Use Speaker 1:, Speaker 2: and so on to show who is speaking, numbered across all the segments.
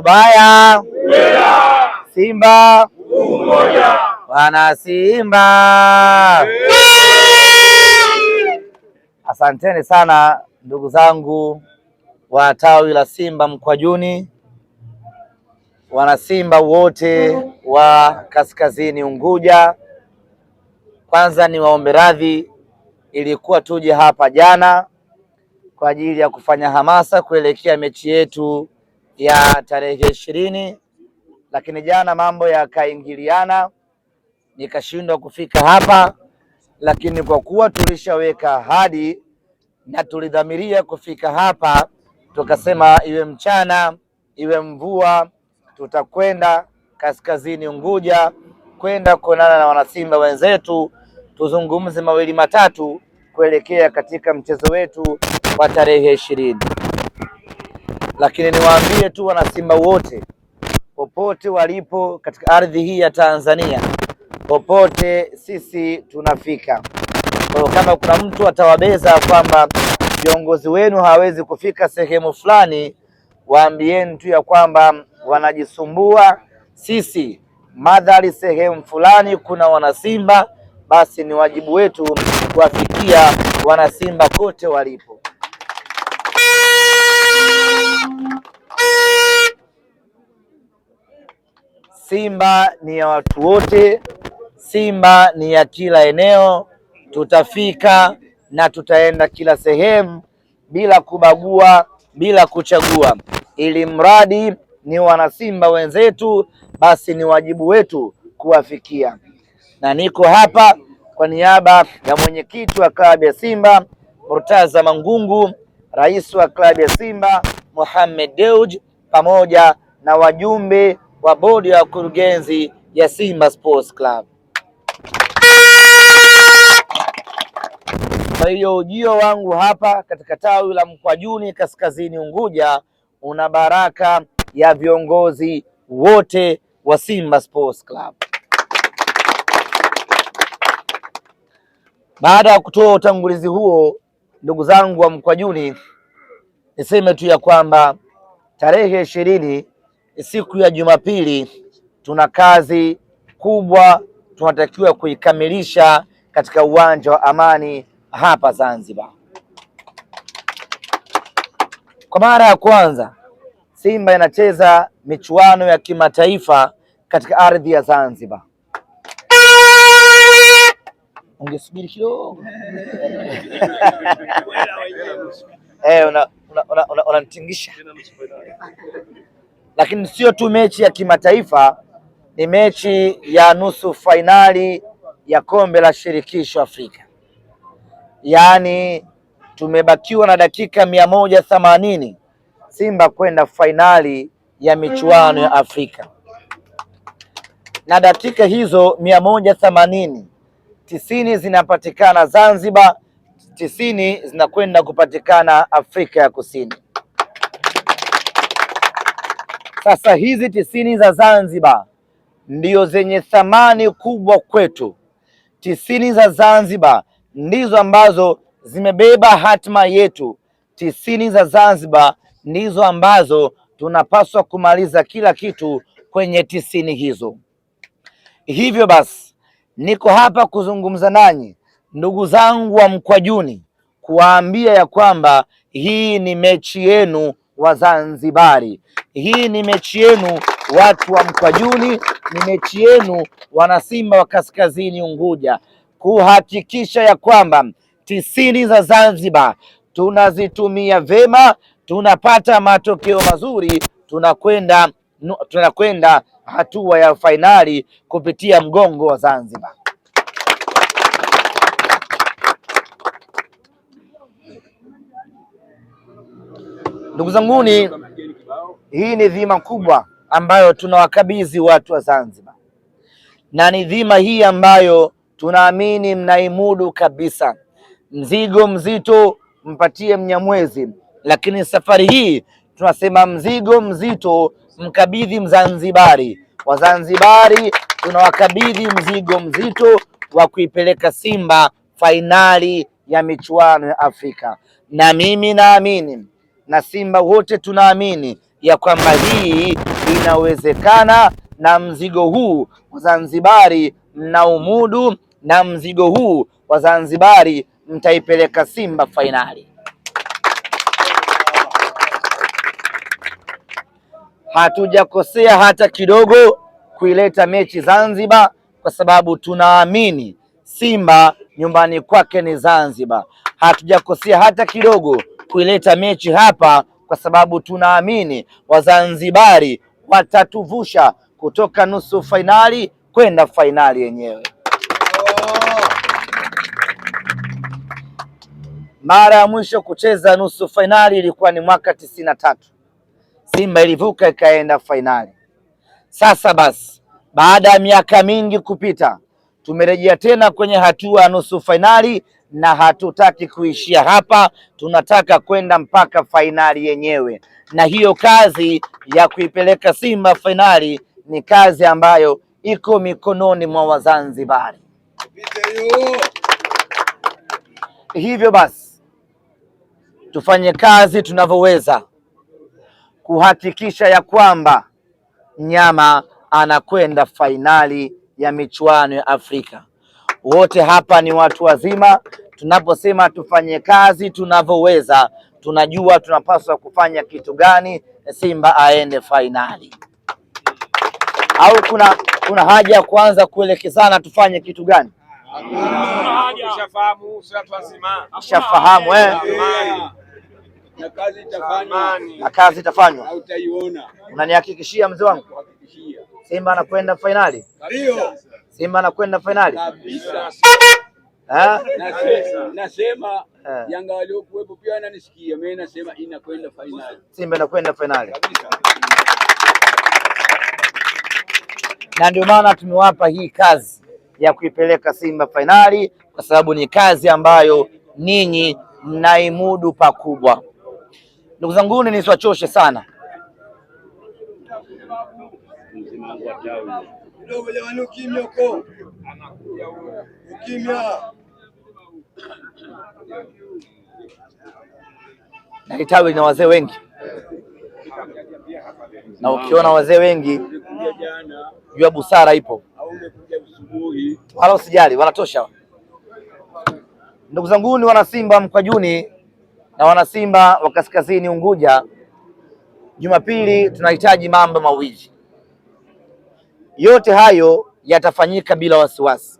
Speaker 1: ubaya Simba umoja, wana Simba. Asanteni sana ndugu zangu wa tawi la Simba Mkwajuni, wana Simba wote wa kaskazini Unguja, kwanza ni waombe radhi, ilikuwa tuje hapa jana kwa ajili ya kufanya hamasa kuelekea mechi yetu ya tarehe ishirini, lakini jana mambo yakaingiliana nikashindwa kufika hapa, lakini kwa kuwa tulishaweka ahadi na tulidhamiria kufika hapa, tukasema iwe mchana iwe mvua, tutakwenda kaskazini Unguja kwenda kuonana na wanasimba wenzetu, tuzungumze mawili matatu kuelekea katika mchezo wetu wa tarehe ishirini lakini niwaambie tu wanasimba wote popote walipo katika ardhi hii ya Tanzania, popote sisi tunafika. Kwa hiyo kama kuna mtu atawabeza kwamba viongozi wenu hawawezi kufika sehemu fulani, waambieni tu ya kwamba wanajisumbua. Sisi madhari sehemu fulani kuna wanasimba, basi ni wajibu wetu kuwafikia wanasimba kote walipo. Simba ni ya watu wote, Simba ni ya kila eneo. Tutafika na tutaenda kila sehemu bila kubagua, bila kuchagua, ili mradi ni wanasimba wenzetu, basi ni wajibu wetu kuwafikia. Na niko hapa kwa niaba ya mwenyekiti wa klabu ya Simba Murtaza Mangungu, rais wa klabu ya Simba Mohamed Dewji pamoja na wajumbe wa bodi ya wakurugenzi ya Simba Sports Club. Kwa hiyo ujio wangu hapa katika tawi la Mkwajuni kaskazini Unguja una baraka ya viongozi wote wa Simba Sports Club. Baada ya kutoa utangulizi huo, ndugu zangu wa Mkwajuni Niseme tu ya kwamba tarehe ishirini, siku ya Jumapili, tuna kazi kubwa tunatakiwa kuikamilisha katika uwanja wa Amani hapa Zanzibar. Kwa mara ya kwanza Simba inacheza michuano ya kimataifa katika ardhi ya Zanzibar. Ungesubiri kidogo. Eh, una wananitingisha, lakini sio tu mechi ya kimataifa, ni mechi ya nusu fainali ya kombe la shirikisho Afrika, yaani tumebakiwa na dakika mia moja themanini Simba kwenda fainali ya michuano ya Afrika, na dakika hizo mia moja themanini tisini zinapatikana Zanzibar tisini zinakwenda kupatikana Afrika ya Kusini. Sasa hizi tisini za Zanzibar ndio zenye thamani kubwa kwetu. Tisini za Zanzibar ndizo ambazo zimebeba hatima yetu. Tisini za Zanzibar ndizo ambazo tunapaswa kumaliza kila kitu kwenye tisini hizo. Hivyo basi, niko hapa kuzungumza nanyi ndugu zangu wa Mkwajuni kuwaambia ya kwamba hii ni mechi yenu Wazanzibari, hii ni mechi yenu watu wa Mkwajuni, ni mechi yenu wanasimba wa kaskazini Unguja, kuhakikisha ya kwamba tisini za Zanzibar tunazitumia vema, tunapata matokeo mazuri, tunakwenda tunakwenda hatua ya fainali kupitia mgongo wa Zanzibar. Ndugu zanguni, hii ni dhima kubwa ambayo tunawakabidhi watu wa Zanzibar, na ni dhima hii ambayo tunaamini mnaimudu kabisa. Mzigo mzito mpatie Mnyamwezi, lakini safari hii tunasema mzigo mzito mkabidhi Mzanzibari. Wazanzibari tunawakabidhi mzigo mzito wa kuipeleka Simba fainali ya michuano ya Afrika, na mimi naamini na Simba wote tunaamini ya kwamba hii inawezekana, na mzigo huu Wazanzibari umudu na mzigo huu wa zanzibari mtaipeleka Simba fainali. Hatujakosea hata kidogo kuileta mechi Zanzibar, kwa sababu tunaamini Simba nyumbani kwake ni Zanzibar. Hatujakosea hata kidogo kuileta mechi hapa, kwa sababu tunaamini Wazanzibari watatuvusha kutoka nusu fainali kwenda fainali yenyewe. Mara ya mwisho kucheza nusu fainali ilikuwa ni mwaka tisini na tatu. Simba ilivuka ikaenda fainali. Sasa basi, baada ya miaka mingi kupita tumerejea tena kwenye hatua ya nusu fainali na hatutaki kuishia hapa, tunataka kwenda mpaka fainali yenyewe, na hiyo kazi ya kuipeleka Simba fainali ni kazi ambayo iko mikononi mwa Wazanzibari. Hivyo basi tufanye kazi tunavyoweza kuhakikisha ya kwamba mnyama anakwenda fainali ya michuano ya Afrika. Wote hapa ni watu wazima, tunaposema tufanye kazi tunavyoweza, tunajua tunapaswa kufanya kitu gani Simba aende fainali au kuna kuna haja ya kuanza kuelekezana tufanye kitu gani? Shafahamu eh? na kazi itafanywa, unanihakikishia mzee wangu? Simba anakwenda fainali, Simba anakwenda fainali. Nasema Yanga waliokuwepo pia wananisikia mimi, nasema inakwenda fainali, Simba inakwenda fainali, na ndio maana tumewapa hii kazi ya kuipeleka Simba fainali, kwa sababu ni kazi ambayo ninyi mnaimudu pakubwa. Ndugu zangu, ni nisiwachoshe sana mzima wangu wa tawi kidogo. Jamani, ukimya huko, ukimya. Na lina wazee wengi, na ukiona wazee wengi jua busara ipo, wala usijali, wanatosha. Ndugu zangu ni wanasimba Mkwajuni na wanasimba wa kaskazini Unguja, Jumapili tunahitaji mambo mawili. Yote hayo yatafanyika bila wasiwasi,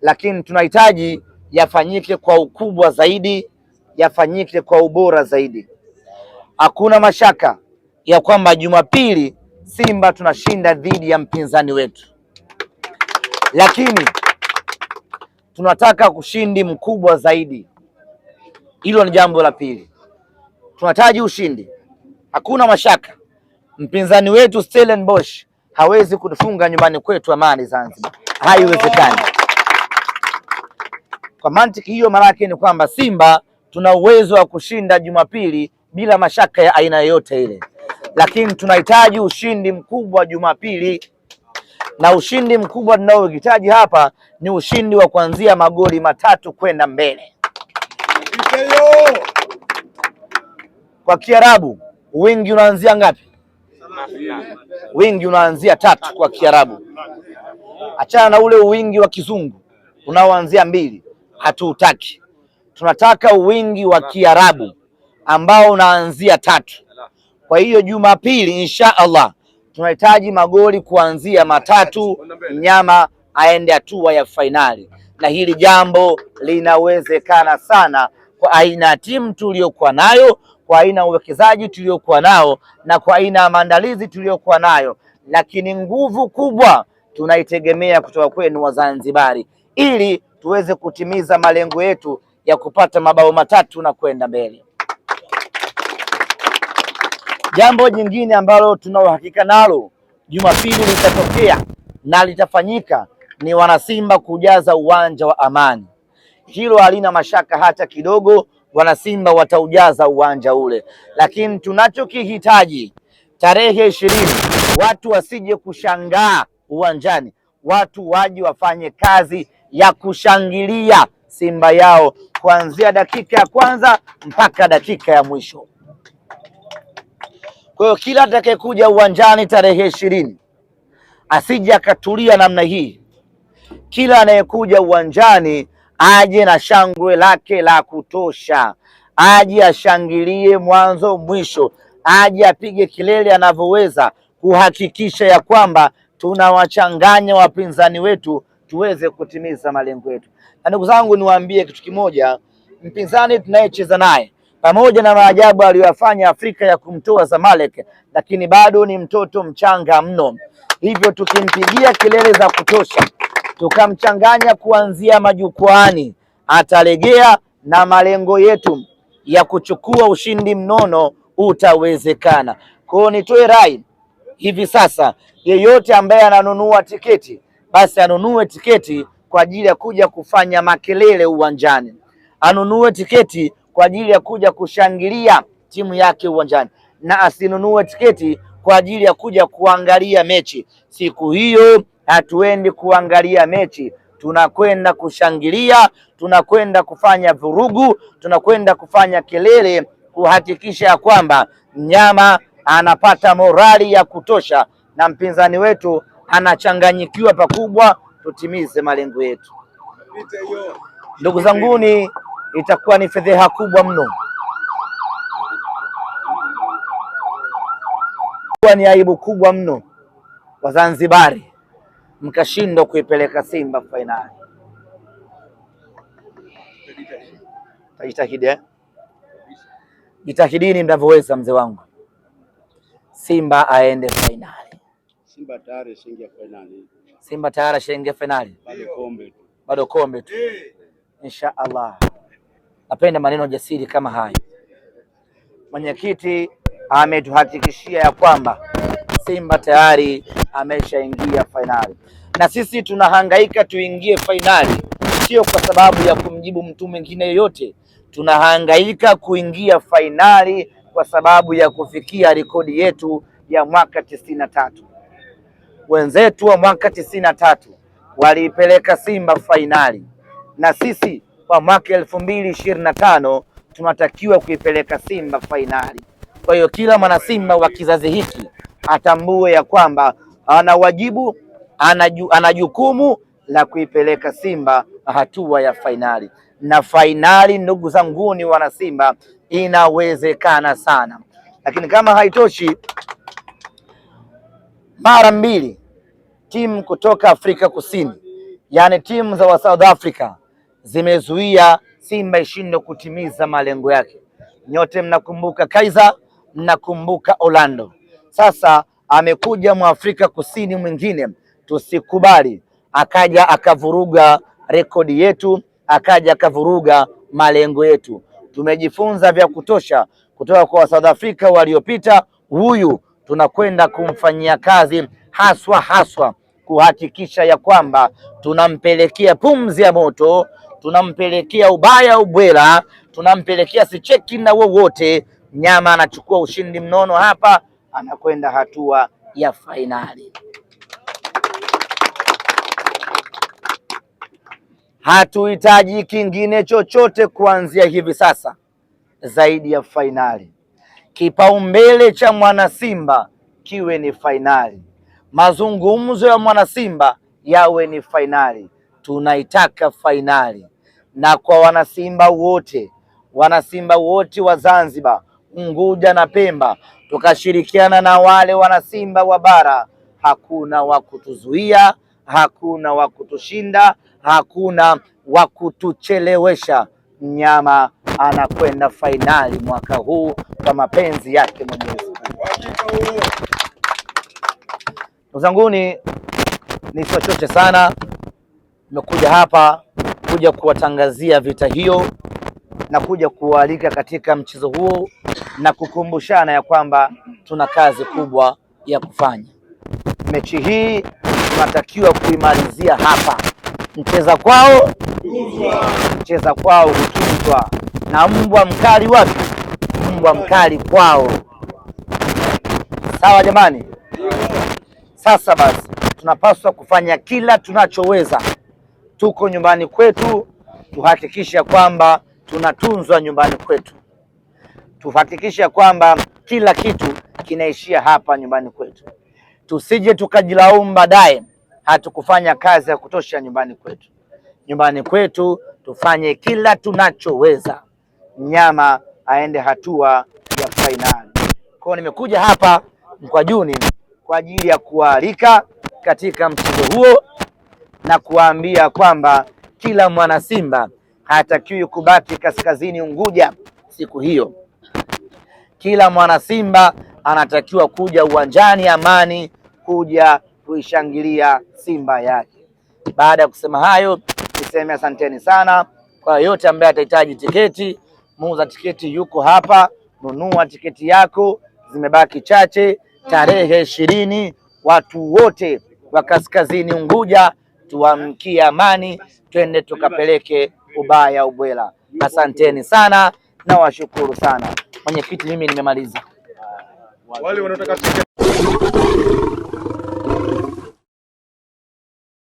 Speaker 1: lakini tunahitaji yafanyike kwa ukubwa zaidi, yafanyike kwa ubora zaidi. Hakuna mashaka ya kwamba Jumapili Simba tunashinda dhidi ya mpinzani wetu, lakini tunataka ushindi mkubwa zaidi. Hilo ni jambo la pili, tunahitaji ushindi. Hakuna mashaka mpinzani wetu Stellenbosch hawezi kutufunga nyumbani kwetu amani Zanzibar, haiwezekani. Kwa mantiki hiyo, maana yake ni kwamba Simba tuna uwezo wa kushinda Jumapili bila mashaka ya aina yoyote ile, lakini tunahitaji ushindi mkubwa Jumapili, na ushindi mkubwa tunaohitaji hapa ni ushindi wa kuanzia magoli matatu kwenda mbele. Kwa Kiarabu wingi unaanzia ngapi? wingi unaanzia tatu kwa Kiarabu, achana na ule uwingi wa kizungu unaoanzia mbili, hatuutaki. Tunataka uwingi wa Kiarabu ambao unaanzia tatu. Kwa hiyo Jumapili insha Allah tunahitaji magoli kuanzia matatu, mnyama aende hatua ya fainali, na hili jambo linawezekana sana kwa aina ya timu tuliyokuwa nayo kwa aina ya uwekezaji tuliokuwa nao na kwa aina ya maandalizi tuliyokuwa nayo, lakini nguvu kubwa tunaitegemea kutoka kwenu Wazanzibari ili tuweze kutimiza malengo yetu ya kupata mabao matatu na kwenda mbele. Jambo jingine ambalo tunaohakika nalo Jumapili litatokea na litafanyika ni wanasimba kujaza uwanja wa Amani. Hilo halina mashaka hata kidogo wanasimba wataujaza uwanja ule, lakini tunachokihitaji tarehe ishirini, watu wasije kushangaa uwanjani, watu waje wafanye kazi ya kushangilia Simba yao kuanzia dakika ya kwanza mpaka dakika ya mwisho. Kwa hiyo kila atakayekuja uwanjani tarehe ishirini asije akatulia namna hii. Kila anayekuja uwanjani aje na shangwe lake la kutosha, aje ashangilie mwanzo mwisho, aje apige kilele anavyoweza kuhakikisha ya kwamba tunawachanganya wapinzani wetu tuweze kutimiza malengo yetu. Na ndugu zangu, niwaambie kitu kimoja, mpinzani tunayecheza naye pamoja na maajabu aliyoyafanya Afrika ya kumtoa Zamalek, lakini bado ni mtoto mchanga mno, hivyo tukimpigia kelele za kutosha tukamchanganya kuanzia majukwaani, atalegea na malengo yetu ya kuchukua ushindi mnono utawezekana. Kwa hiyo nitoe rai hivi sasa, yeyote ambaye ananunua tiketi basi anunue tiketi kwa ajili ya kuja kufanya makelele uwanjani, anunue tiketi kwa ajili ya kuja kushangilia timu yake uwanjani, na asinunue tiketi kwa ajili ya kuja kuangalia mechi siku hiyo hatuendi kuangalia mechi, tunakwenda kushangilia, tunakwenda kufanya vurugu, tunakwenda kufanya kelele kuhakikisha ya kwamba mnyama anapata morali ya kutosha na mpinzani wetu anachanganyikiwa pakubwa, tutimize malengo yetu. Ndugu zanguni, itakuwa ni fedheha kubwa mno, kuwa ni aibu kubwa mno Wazanzibari mkashindwa kuipeleka Simba fainali. Tajitahidi eh? Jitahidini mnavyoweza mzee wangu, Simba aende fainali. Simba tayari ashaingia fainali. Simba tayari ashaingia fainali, bado kombe tu insha Allah. Napenda maneno jasiri kama haya. Mwenyekiti ametuhakikishia ya kwamba Simba tayari ameshaingia fainali, na sisi tunahangaika tuingie fainali, sio kwa sababu ya kumjibu mtu mwingine yoyote. Tunahangaika kuingia fainali kwa sababu ya kufikia rekodi yetu ya mwaka tisini na tatu. Wenzetu wa mwaka tisini na tatu waliipeleka Simba fainali, na sisi kwa mwaka elfu mbili ishirini na tano tunatakiwa kuipeleka Simba fainali. Kwa hiyo kila mwana Simba wa kizazi hiki atambue ya kwamba ana wajibu, ana jukumu la kuipeleka Simba hatua ya fainali. Na fainali, ndugu zanguni, wana Simba, inawezekana sana. Lakini kama haitoshi, mara mbili timu kutoka Afrika Kusini, yaani timu za wa South Africa zimezuia Simba ishindwe kutimiza malengo yake. Nyote mnakumbuka Kaizer, mnakumbuka Orlando. Sasa amekuja Mwafrika Kusini mwingine, tusikubali akaja akavuruga rekodi yetu, akaja akavuruga malengo yetu. Tumejifunza vya kutosha kutoka kwa South Africa waliopita. Huyu tunakwenda kumfanyia kazi haswa haswa, kuhakikisha ya kwamba tunampelekea pumzi ya moto, tunampelekea ubaya ubwela, tunampelekea sicheki na wowote. Nyama anachukua ushindi mnono hapa anakwenda hatua ya fainali. Hatuhitaji kingine chochote kuanzia hivi sasa zaidi ya fainali. Kipaumbele cha mwanasimba kiwe ni fainali, mazungumzo ya mwanasimba yawe ni fainali. Tunaitaka fainali, na kwa wanasimba wote, wanasimba wote wa Zanzibar, Unguja na Pemba tukashirikiana na wale wanasimba wa bara, hakuna wa kutuzuia, hakuna wa kutushinda, hakuna wa kutuchelewesha. Mnyama anakwenda fainali mwaka huu kwa mapenzi yake Mwenyezi Mungu. ni zanguni, nisiwachoche sana, nimekuja hapa kuja kuwatangazia vita hiyo na kuja kualika katika mchezo huo na kukumbushana ya kwamba tuna kazi kubwa ya kufanya. Mechi hii tunatakiwa kuimalizia hapa. Mcheza kwao mcheza kwao hutunzwa, na mbwa mkali wapi? Mbwa mkali kwao. Sawa jamani. Sasa basi, tunapaswa kufanya kila tunachoweza, tuko nyumbani kwetu, tuhakikishe kwamba tunatunzwa nyumbani kwetu. Tuhakikisha kwamba kila kitu kinaishia hapa nyumbani kwetu, tusije tukajilaumu baadaye hatukufanya kazi ya kutosha nyumbani kwetu. Nyumbani kwetu tufanye kila tunachoweza, mnyama aende hatua ya fainali. Kwa nimekuja hapa Mkwajuni kwa ajili ya kuwaalika katika mchezo huo na kuwaambia kwamba kila mwana Simba hatakiwi kubaki kaskazini Unguja siku hiyo. Kila mwana Simba anatakiwa kuja uwanjani Amani kuja kuishangilia Simba yake. Baada ya kusema hayo, niseme asanteni sana kwa yote ambaye atahitaji tiketi. Muuza tiketi yuko hapa, nunua tiketi yako, zimebaki chache. Tarehe ishirini, watu wote wa kaskazini Unguja tuamkie Amani, twende tukapeleke ubaya ubwela. Asanteni sana na washukuru sana mwenyekiti, mimi nimemaliza. Wale wanaotaka